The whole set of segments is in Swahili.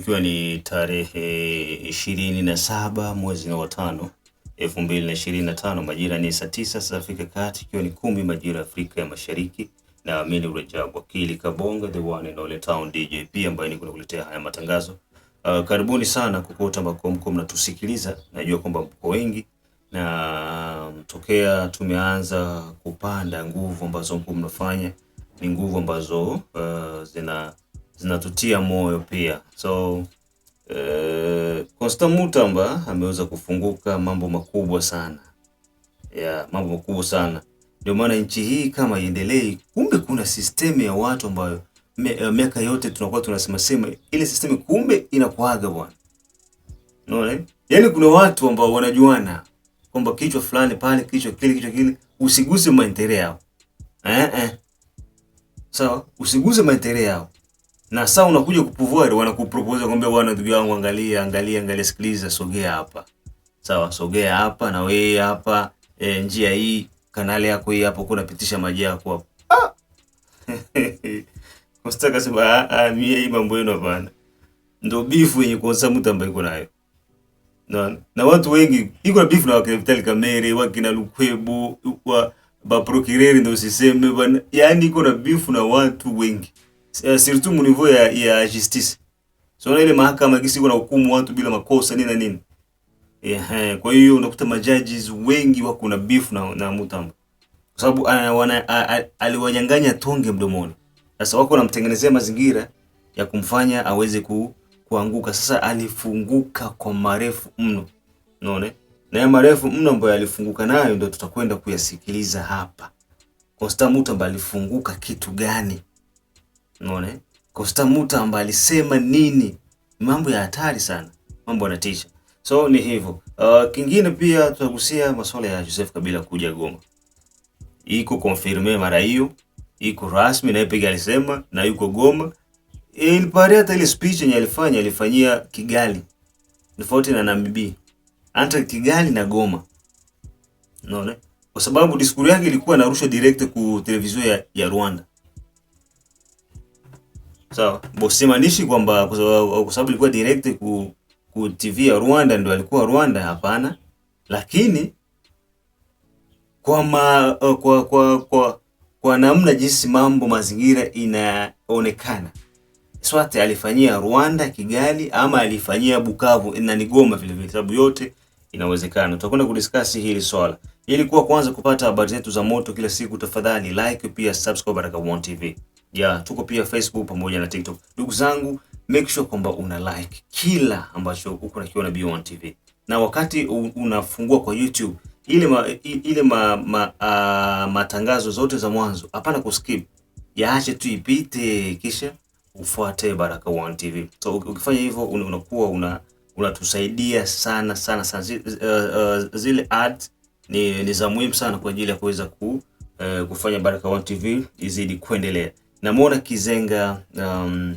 ikiwa ni tarehe ishirini na saba mwezi wa tano elfu mbili na ishirini na tano majira ni saa tisa za Afrika Kati, ikiwa ni kumi majira ya Afrika ya Mashariki na mimi ni Rajab Wakili Kabonga, the one and only town DJP ambaye niko nakuletea haya matangazo. Uh, karibuni sana kokote ambako mko mnatusikiliza, najua kwamba mko wengi na tokea tumeanza kupanda nguvu ambazo mko mnafanya ni nguvu ambazo uh, zina zinatutia moyo pia. So eh, Constant uh, Mutamba ameweza kufunguka mambo makubwa sana ya yeah, mambo makubwa sana ndio maana nchi hii kama iendelee, kumbe kuna system ya watu ambayo eh, miaka yote tunakuwa tunasema sema ile system kumbe inakuaga bwana, unaona yaani, kuna watu ambao wanajuana kwamba kichwa fulani pale, kichwa kile, kichwa kile, usiguse maendeleo yao eh eh, sawa, usiguse maendeleo yao na saa unakuja kupuvuari, wanakupropose kwambia, bwana ndugu yangu, angalia angalia angalia, sikiliza, sogea hapa sawa, sogea hapa na wewe hapa e, njia hii, kanali yako hii hapo, kuna pitisha maji yako hapo. Ah, mstaka sema ah, ah, mie hii mambo yenu hapana, ndo bifu yenye kuonsa mtu ambaye iko nayo na, na watu wengi iko na bifu na wakina Vitali Kamere, wakina Lukwebo, wa baprokireri ndo ndio siseme yani iko na bifu na watu wengi uh, surtout mu niveau ya, ya justice so na ile mahakama gisi iko na hukumu watu bila makosa nini na nini eh, kwa hiyo unakuta majudges wengi wako na beef na, na Mutombo kwa sababu ah, ah, ah, aliwanyang'anya tonge mdomoni. Sasa wako namtengenezea mazingira ya kumfanya aweze ku, kuanguka. Sasa alifunguka kwa marefu mno, unaona na ya marefu mno ambayo alifunguka nayo ndio tutakwenda kuyasikiliza hapa. Constant Mutamba alifunguka kitu gani? Unaona eh? Costa ambaye alisema nini? Mambo ya hatari sana, mambo yanatisha. So ni hivyo. Uh, kingine pia tutagusia masuala ya Joseph Kabila kuja Goma. Iko confirme mara hiyo, iko rasmi na yeye alisema na yuko Goma. Ilipare hata ile speech yenye alifanya alifanyia Kigali. Tofauti na Namibia. Anta Kigali na Goma. Unaona? Eh? Kwa sababu diskuri yake ilikuwa inarushwa direct ku televizio ya, ya Rwanda sawa so, simaanishi kwamba kwa sababu ilikuwa direct ku, ku TV ya Rwanda ndio alikuwa Rwanda, hapana, lakini kwa, ma, kwa, kwa, kwa, kwa namna jinsi mambo mazingira inaonekana Swate alifanyia Rwanda Kigali, ama alifanyia Bukavu na ni Goma vile vile, sababu yote inawezekana. Tutakwenda kudiscuss hili swala. Ili kuwa kwanza kupata habari zetu za moto kila siku, tafadhali like, pia subscribe Baraka1 TV yeah, tuko pia Facebook pamoja na TikTok. Ndugu zangu, make sure kwamba una like kila ambacho uko nakiona B1 TV, na wakati unafungua kwa YouTube ile ma, ile ma, ma, uh, matangazo zote za mwanzo hapana kuskip, yaache tu ipite, kisha ufuate Baraka One TV. So ukifanya hivyo unakuwa una unatusaidia sana sana sana. Uh, uh, zile ad ni, ni za muhimu sana kwa ajili ya kuweza ku, uh, kufanya Baraka One TV izidi kuendelea namwona Kizenga um,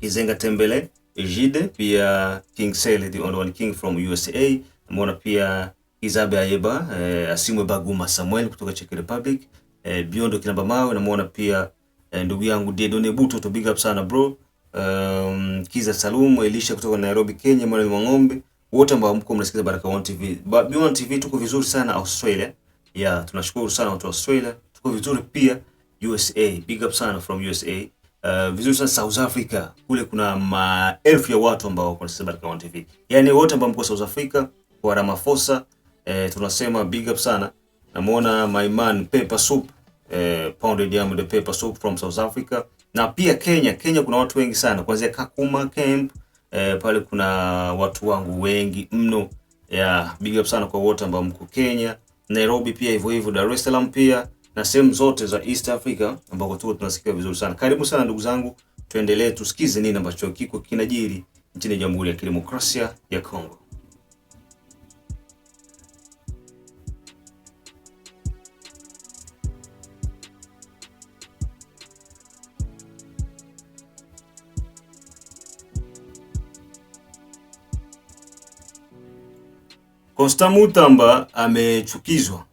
Kizenga Tembele Jide pia King Kingsele the only one king from USA. Namwona pia Kizabe Ayeba eh, Asimwe Baguma Samuel kutoka Czech Republic eh, Biondo Kinamba Mawe namwona pia eh, ndugu yangu Dedone Buto to big up sana bro. Um, Kiza Salumu Elisha kutoka Nairobi Kenya, mwana wa ng'ombe wote ambao mko mnasikiza Baraka One TV. Baraka One TV tuko vizuri sana Australia. Yeah, tunashukuru sana watu wa Australia. Tuko vizuri pia USA, big up sana from USA. Uh, vizuri sana South Africa kule kuna maelfu ya watu ambao wako nasema katika One TV, yani wote ambao mko South Africa kwa Ramaphosa eh, tunasema big up sana. Namuona my man Pepper Soup eh, pounded yam the Pepper Soup from South Africa, na pia Kenya. Kenya kuna watu wengi sana kuanzia Kakuma camp eh, pale kuna watu wangu wengi mno. Yeah, big up sana kwa wote ambao mko Kenya. Nairobi pia hivyo hivyo, Dar es Salaam pia na sehemu zote za East Africa ambako tuko tunasikia vizuri sana. Karibu sana ndugu zangu, tuendelee tusikize nini ambacho kiko kinajiri nchini Jamhuri ya Kidemokrasia ya Kongo. Constant Mutamba amechukizwa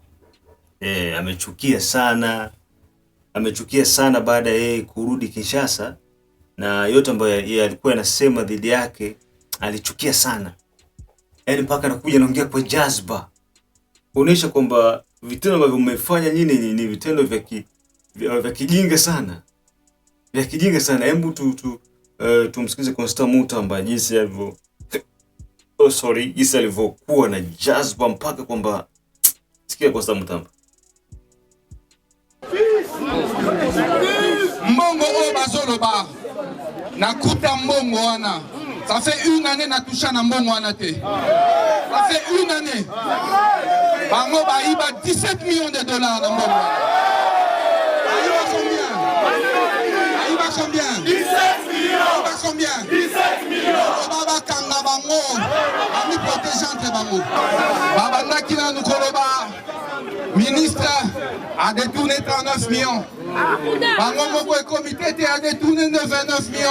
eh, amechukia sana amechukia sana baada ya yeye kurudi Kinshasa, na yote ambayo yeye alikuwa anasema dhidi yake alichukia sana, yaani mpaka anakuja anaongea kwa jazba, kuonesha kwamba vitendo ambavyo mmefanya nyinyi ni ni vitendo vya ki, vya, vya kijinga sana vya kijinga sana. Hebu tu, tu uh, tumsikilize Constant Mutamba jinsi alivyo oh, sorry jinsi alivyokuwa na jazba mpaka kwamba sikia Constant Mutamba na wana ça fait une année toucha na mbongo wana te ça fait une année bango baïba 17 millions de dollars na combien combien 17 millions combien 17 millions bango koloba ministre a détourné 39 millions. mon moko comité, il a détourné 99 millions.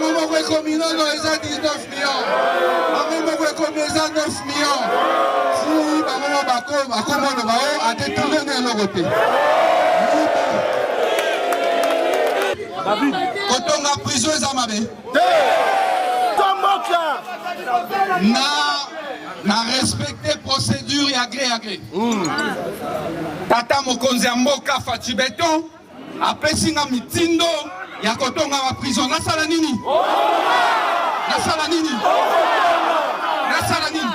mon comité, il a détourné 19 millions. comité, il a détourné 9 millions. Si bango moko bakomona bao a détourné na eloko te. kotonga a eza mabe te na respecté procédure et agré agré. Hmm. tata mokonzi ya mboka après beton apesi nga mitindo ya kotonga na sala nini sala nini sala nini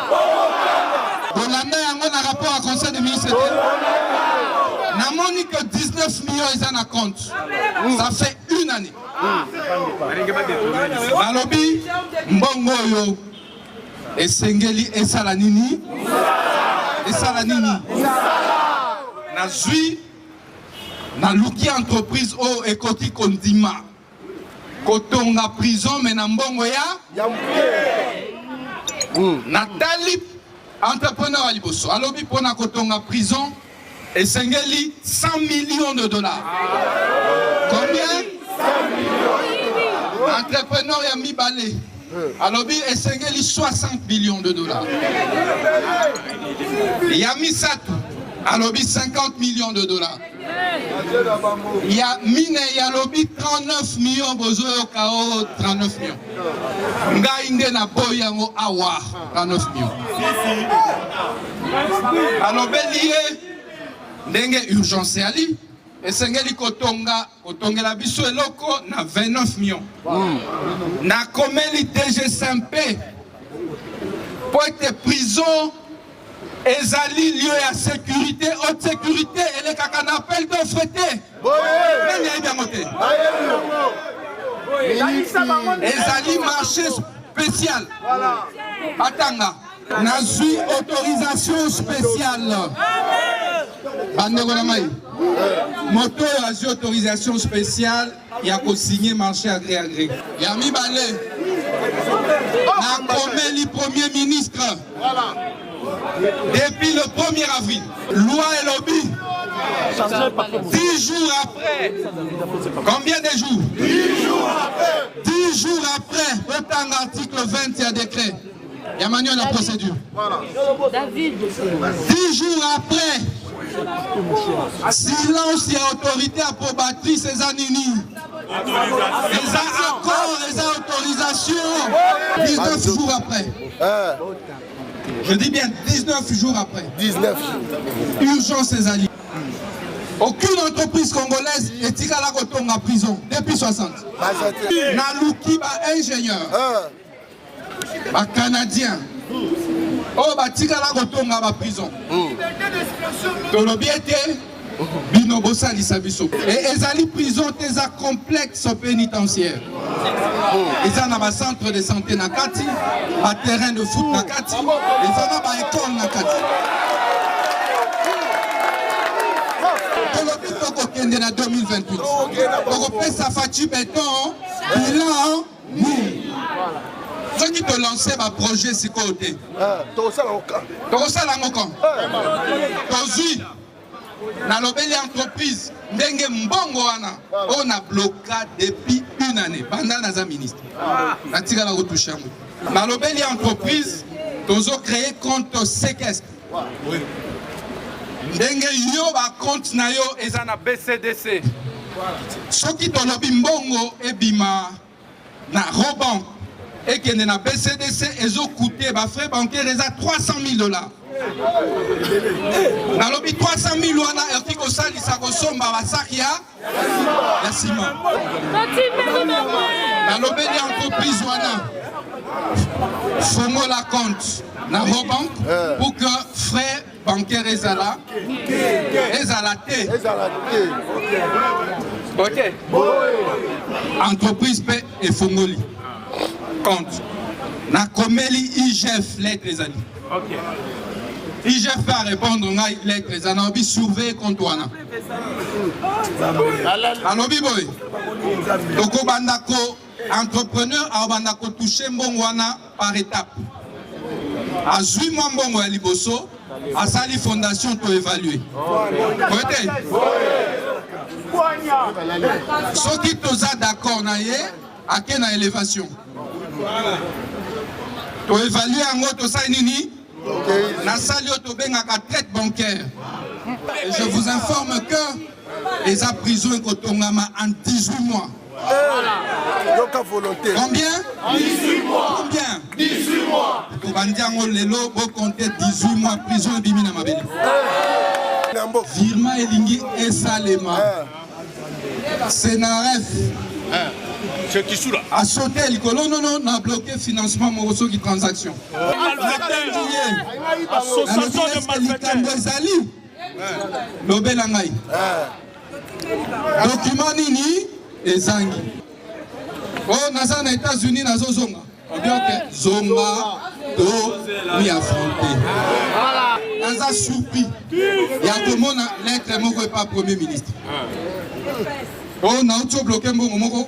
kolanda yango na rapport à conseil de ministre N'a moni que 19 millions en a compte hmm. ça fait nani balobi mbongo oyo esengeli esala nini esala nini nazwi naluki entreprise oyo ekoti kondima kotonga prison me na mbongo ya natali entrepreneur ya liboso alobi mpona kotonga prison sengeli 100 millions de dollars combien entrepreneur ya mibale alobi esengeli 60 millions de dollars hmm. ya misatu alobi 50 millions de dollars ya a alobi 39 millions bozoyoka o 39 millions ngai nde na boyango awa 39 millions hmm. alobeli ye ndenge urgence ali et esengeli kotonga kotongela biso eloko na 29 millions hmm. Na nakomeli DG SMP pour être prison ezali lieu à sécurité haute sécurité et elekaka na appel d'offre te bien monté. yango te ezali marché spécial Na nazwi autorisation spéciale bandeko na spéciale moto a eu autorisation spéciale il a qu'au signer marché agré agré a commis le premier ministre depuis le 1er avril loi et lobby 10 jours après combien de jours 10 jours après 10 jours après autant article 20 a décret a manuel la procédure 10 jours après Silence et autorité à approbatrice Et Ils ont accord, ont autorisation 19 jours après. Eh. Je dis bien 19 jours après. 19 ces Urgence Aucune entreprise congolaise tirée à la retombe en prison depuis 60. Bah, Naluki ingénieur. un eh. bah, canadien. Oh oyo batikala kotonga baprison ma hmm. à bino Et les ezali prison tes un complexe pénitentiaire ont hmm. un centre de santé na kati terrain de foot na kati ils ont une école en kati Donc on na 2028 du béton, et là, oui soki tolance baprojet ça te ah, tokosala yango kan tozwi eh. nalobeli entreprise ndenge mbongo wana ah. on a bloqué depuis une année banda naza ministre la natikala moi. yango nalobeli entreprise créé compte séquestre ndenge yo compte na yo ça na bcdc qui tolobi mbongo ebima na robank et que na bcdc ma frère bancaire 300 300 dollars nalobi 300 000 wana il y a un une entreprise wana fongola compte na pour que frais bancaire à la thé. ok entreprise et efongoli compte Komeli igf lettre OK. igf a répondre ngai lettre eza nalobi surveille compte wana nalobi boye tokobanda ko entrepreneur akobanda touché mbongo wana par étape azwi mwa mbongo ya liboso sali fondation toévalue koye te soki toza d'accord na ye ake na élévation toevalue yango ça nini na sali oyo la traite bancaire Et je vous informe que les prison ekotongama en 18 mois à volonté combien 18 mois combien 18 mois tobandi yango lelo bokonte 18 mois prison ebimi na mabele eh. virma elingi esalema eh. senaref c'est qui sous là non, non, on a bloqué financement Moroso qui transaction. Oh. Association de Malfaiteur. Eh. Document Nini et Zang. Oh, Nazan, États-Unis, Nazo Zonga. On dit que Zonga doit m'y affronter. Nazan soupi. Il y a tout le monde, l'être, il n'est pas premier ministre. Eh. Oh, Nazan, tu bloqué mon moment.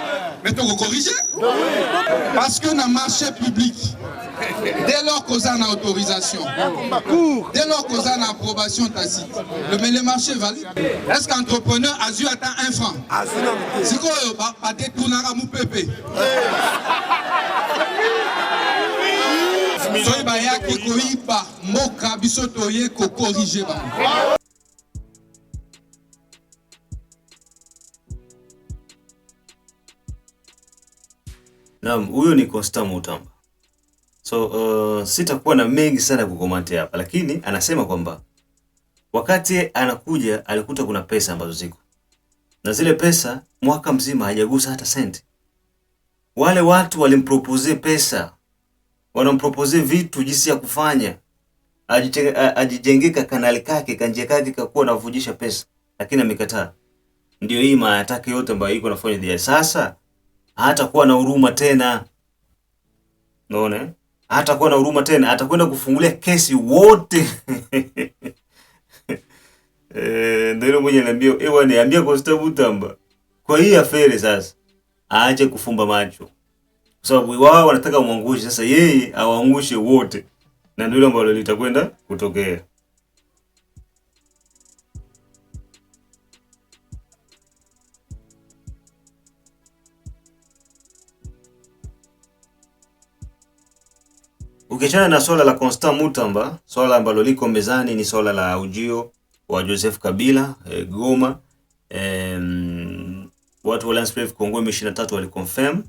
Mais tu corriger hein? Parce que dans le marché public, dès lors qu'on a une autorisation, dès lors qu'on a une approbation tacite, le, marché valide. Est-ce qu'entrepreneur a dû atteindre un franc C'est quoi, pas euh, bah, bah, détourner à mon pépé. qu'on corrige, bah. Naam, huyo ni Constant Mutamba. So uh, sitakuwa na mengi sana kukomante hapa, lakini anasema kwamba wakati anakuja alikuta kuna pesa ambazo ziko na zile pesa mwaka mzima hajagusa hata senti. Wale watu walimpropose pesa, wanampropose vitu jinsi ya kufanya ajijengeka kanali kake kanjia kake kakuwa anavujisha pesa, lakini amekataa. Ndio hii maana yake yote ambayo iko nafanya dia sasa hatakuwa na huruma tena. Unaona, hatakuwa na huruma tena, atakwenda kufungulia kesi wote eh, ndio mwenye anambia, eh bwana, niambia Constable Tamba kwa hii afere sasa, aache kufumba macho, kwa sababu wao wanataka muangushe Sasa yeye awaangushe wote, na ndio ambalo litakwenda kutokea. Ukiachana na swala la Constant Mutamba, swala ambalo liko mezani ni swala la ujio wa Joseph Kabila e, Goma e, m, watu wa Alliance Fleuve Congo M23 waliconfirm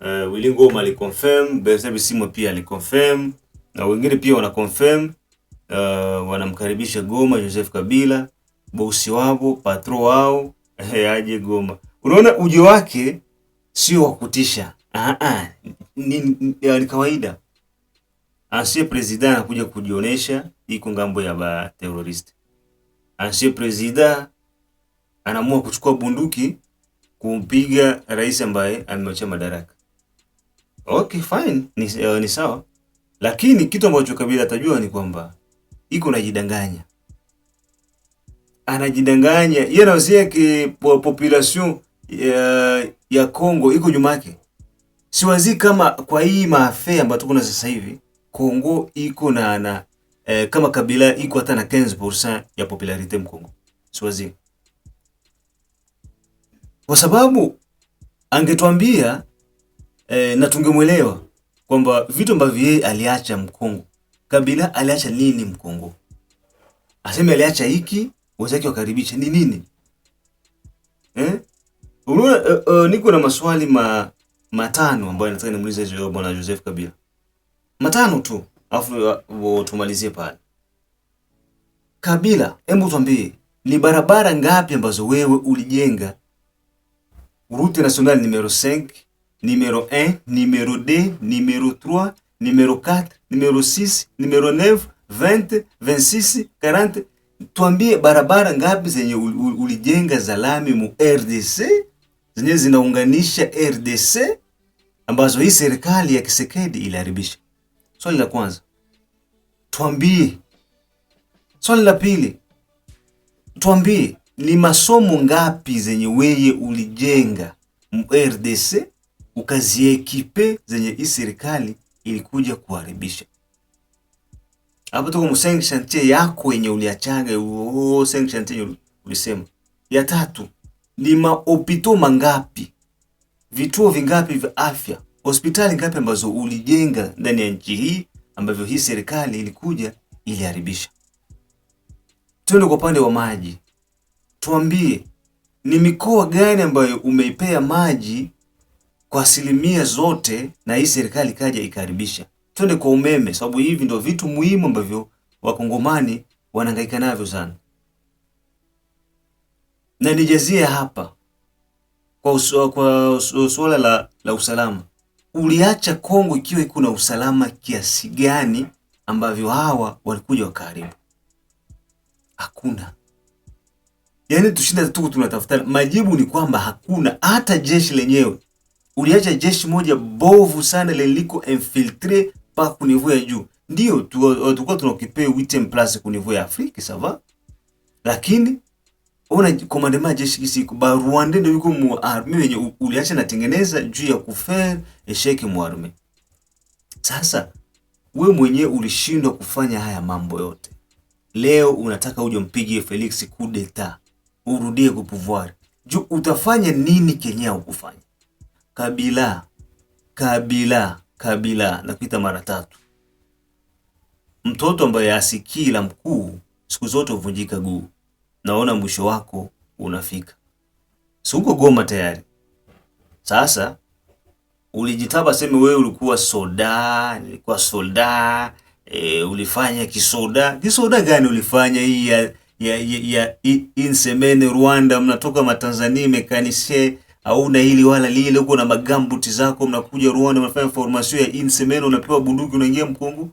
e, Willy Ngoma aliconfirm, Bertrand Bisimwa pia aliconfirm na wengine pia wanaconfirm e, wanamkaribisha Goma Joseph Kabila, bosi wao, patro wao e, aje Goma. Unaona ujio wake sio wa kutisha, ah, ah, ni kawaida ansie presida anakuja kujionesha iko ngambo ya ba terroriste. Ancien presida anaamua kuchukua bunduki kumpiga rais ambaye amemwacha madaraka. Okay, fine, ni, uh, ni sawa, lakini kitu ambacho Kabila atajua ni kwamba iko najidanganya, anajidanganya yeye anawasia ki population ya, eh, ya Kongo iko nyuma yake. siwazi kama kwa hii maafa ambayo tuko na sasa hivi Kongo iko na na eh, kama kabila iko hata na 15% ya popularite mkongo Swazini, kwa sababu angetwambia eh, na tungemwelewa kwamba vitu ambavyo yeye aliacha mkongo kabila aliacha nini mkongo, aseme aliacha hiki wazake wakaribisha ni nini eh? uh, uh, niko na maswali ma matano ambayo nataka nimuulize Bwana Joseph Kabila matano tu, alafu uh, tumalizie pale. Kabila, hebu tuambie ni barabara ngapi ambazo wewe ulijenga? Route nationale numero 5, numero 1, numero 2, numero 3, numero 4, numero 6, numero 9, 20, 26, 40. Tuambie barabara ngapi zenye ulijenga za lami mu RDC zenye zinaunganisha RDC ambazo hii serikali ya Kisekedi iliharibisha. Swali la kwanza tuambie. Swali la pili tuambie, ni masomo ngapi zenye weye ulijenga RDC ukaziekipe zenye hii serikali ilikuja kuharibisha? Hapo tuko msengi shantie yako yenye uliachaga oo, shantie yenye ulisema. Ya tatu ni maopito mangapi, vituo vingapi vya afya hospitali ngapi ambazo ulijenga ndani ya nchi hii ambavyo hii serikali ilikuja iliharibisha? Tuende kwa upande wa maji, tuambie ni mikoa gani ambayo umeipea maji kwa asilimia zote na hii serikali ikaja ikaharibisha. Twende kwa umeme, sababu hivi ndio vitu muhimu ambavyo wakongomani wanahangaika navyo sana, na nijazie hapa kwa, kwa suala la, la usalama uliacha Kongo ikiwa iko na usalama kiasi gani ambavyo hawa walikuja wakaharibu? Hakuna. Yaani tushinda tuko tunatafutana, majibu ni kwamba hakuna. Hata jeshi lenyewe uliacha jeshi moja bovu sana liliko infiltre pa kunivu ya juu. Ndio tulikuwa tunakipea 8 plus kunivu ya Afrika sava, lakini ona komandema ya jeshi kisiku ba Rwanda ndio yuko mu army wenye uliacha natengeneza juu ya kufer esheke mu army. Sasa wewe mwenyewe ulishindwa kufanya haya mambo yote, leo unataka uje mpigie Felix kudeta urudie kupouvoir juu utafanya nini? Kenya ukufanya Kabila Kabila Kabila na kuita mara tatu. Mtoto ambaye asikii la mkuu siku zote huvunjika guu naona mwisho wako unafika. Si uko Goma tayari? Sasa ulijitaba seme wewe ulikuwa soda, nilikuwa soda, e, ulifanya kisoda. Kisoda gani ulifanya hii ya ya, ya, ya insemene Rwanda mnatoka matanzania mekanisie na hili wala lile, uko na magambuti zako, mnakuja Rwanda mnafanya formation ya insemene, unapewa bunduki unaingia Mkongo,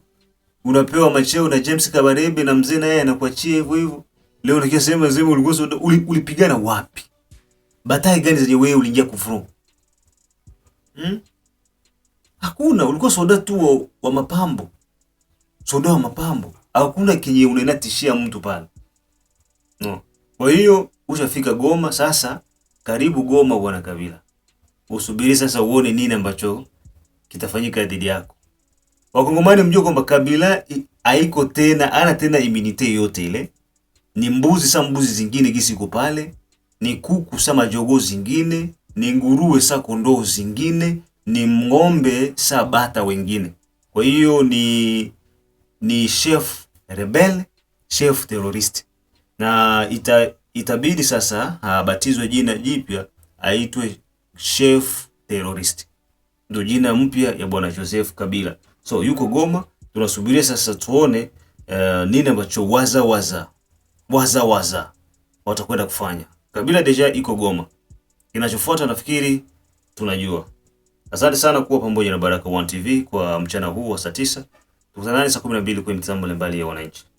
unapewa macheo na James Kabarebe na mzee naye anakuachia hivyo hivyo. Leo unakia sema sema ulikuwa ulipigana wapi? Batai gani zenye wewe uliingia kufuru? Hmm? Hakuna, ulikuwa soda tu wa, wa mapambo. Soda wa mapambo. Hakuna kinyi unaenda tishia mtu pale. No. Kwa hiyo ushafika Goma sasa, karibu Goma bwana Kabila. Usubiri sasa uone nini ambacho kitafanyika dhidi yako. Wakongomani mjue kwamba Kabila haiko tena, ana tena immunity yote ile ni mbuzi sa mbuzi zingine gisi iko pale, ni kuku sa majogo zingine, ni nguruwe sa kondoo zingine, ni ng'ombe sa bata wengine. Kwa hiyo ni ni chef rebel, chef terrorist, na ita, itabidi sasa abatizwe jina jipya aitwe chef terrorist, ndio jina mpya ya bwana Joseph Kabila. So yuko Goma, tunasubiria sasa tuone uh, nini ambacho waza waza waza waza watakwenda kufanya. Kabila Deja iko Goma, kinachofuata nafikiri tunajua. Asante sana kuwa pamoja na Baraka1 TV kwa mchana huu wa saa 9. Tukutane saa 12 kwenye mitambo mbalimbali ya wananchi.